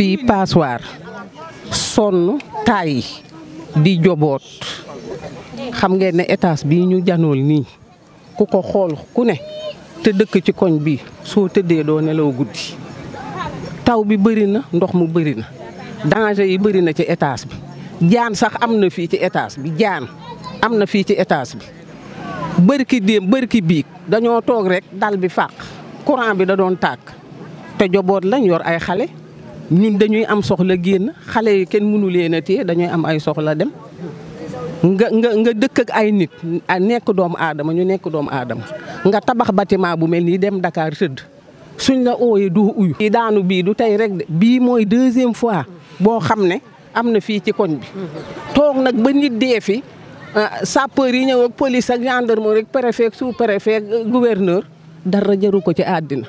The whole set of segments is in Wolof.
fii passoir sonn taay di joboot xam ngeen ne étage bii ñu janool nii ku ko xool ku ne te dëkk ci koñ bi soo tëddee doo nelaw guddi taw bi bëri na ndox mu bëri na danger yi bëri na ci etaas bi jaan sax am na fii ci etaas bi jaan am na fii ci étage bi bërki déem bërki biig dañoo toog rek dal bi fàq courant bi da doon tàkk te joboot lañ yor ay xale ñun dañuy am soxla génn xale yi kenn mënu leen a téye dañuy am ay soxla dem nga nga nga dëkk ak ay nit nekk doomu aadama ñu nekk doomu aadama nga tabax bâtiment bu mel nii dem Dakar tëdd suñ la ooyee du uyu. yi daanu bii du tey rek de bii mooy deuxième fois boo xam ne am na fii ci koñ bi toog nag ba nit dee fi sapeur yi ñëw ak police ak gendarmerie ak su sous préfet euh, gouverneur dara jaru ko ci àddina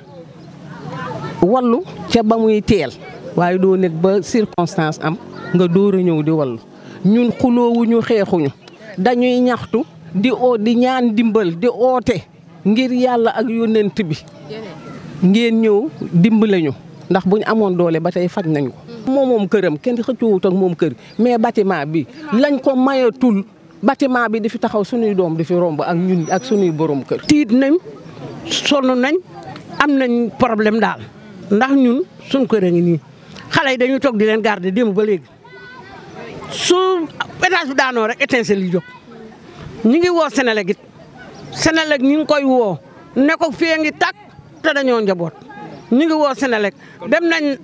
wallu ca ba muy teel. waaye doo nekk ba circonstance am nga door a ñëw di wall ñun xuloowuñu xeexuñu dañuy ñaxtu di oo di ñaan dimbal di oote ngir yàlla ak yónnent bi ngeen ñëw dimbale ñu ndax bu amoon doole ba tey faj nañ ko. moom moom këram kenn xëccoowut ak moom kër mais bâtiment bi lañ ko mayatul bâtiment bi di fi taxaw sunuy doom di fi romb ak ñun ak sunuy borom kër. tiit nañ sonn nañ am nañ problème daal ndax ñun suñ kër a ngi nii. xale yi dañuy toog di leen garder démb ba léegi su étage bi daanoo rek étincelle yi jóg ñu ngi woo Senelec it Senelec ñu ngi koy woo ne ko fii ngi tàkk te njaboot ñu ngi woo Senelec dem nañ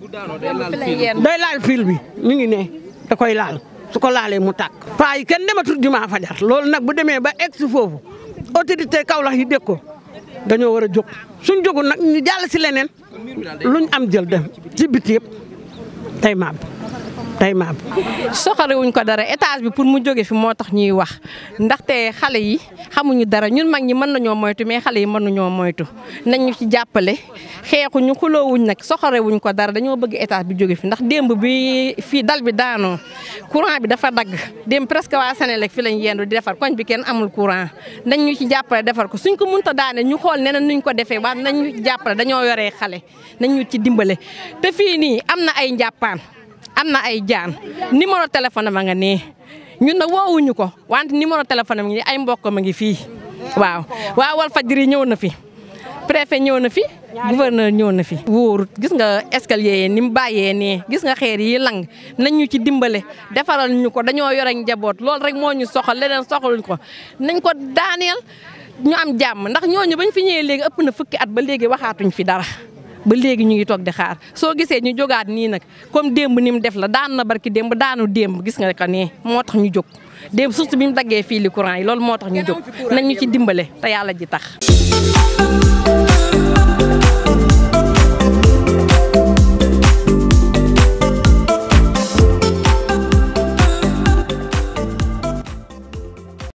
day laal fil bi ñu ngi ne da koy laal su ko laalee mu tàkk paa yi kenn dematul jumaa fajar loolu nag bu demee ba egg si foofu autorité Kaolack yi dégg ko dañoo war a jóg suñ jógu nag ñu jàll si leneen luñ am jël dem ci biti yëpp day màbb. day maam. soxorewuñ ko dara étage bi pour mu jóge fi moo tax ñuy wax ndaxte xale yi xamuñu dara ñun mag ñi mën nañoo moytu mais xale yi mën nañoo moytu nañ ñu ci jàppale xeexuñu xuloowuñ nag soxorewuñ ko dara dañoo bëgg étage bi jóge fi ndax démb bi fii dal bi daanoo courant bi dafa dagg démb presque waa Sénélec fi lañ yendu di defar koñ bi kenn amul courant nañ ñu ci jàppale defar ko suñ ko mënta daane ñu xool neneen nuñ ko defee waaye nañ ci jàppale dañoo yore xale nañ ci dimbale te fii nii am na ay njàppaan am na ay jaan numéro téléphone ma nga nii ñun na woowuñu ko wante numéro téléphone am ngi ay mbokk ma ngi fii waaw waaw Walfadjri ñëw na fi préfet ñëw na fi gouverneur ñëw na fi. wóorut gis nga escalier yi ni mu bàyyee nii gis nga xeer yi lang nañ ñu ci dimbale defaral ñu ko dañoo yore njaboot loolu rek moo ñu soxal leneen soxaluñ ko nañ ko daaneel ñu am jàmm ndax ñooñu bañ fi ñëwee léegi ëpp na fukki at ba léegi waxaatuñ fi dara. ba léegi ñu ngi toog di xaar soo gisee ñu jógaat nii nag comme démb ni mu def la daanu na barki demb daanu démb gis nga ko nee moo tax ñu jóg démb surtout bi mu dagge fii li courant yi loolu moo tax ñu jóg nañ ñu ci dimbale te yàlla ji tax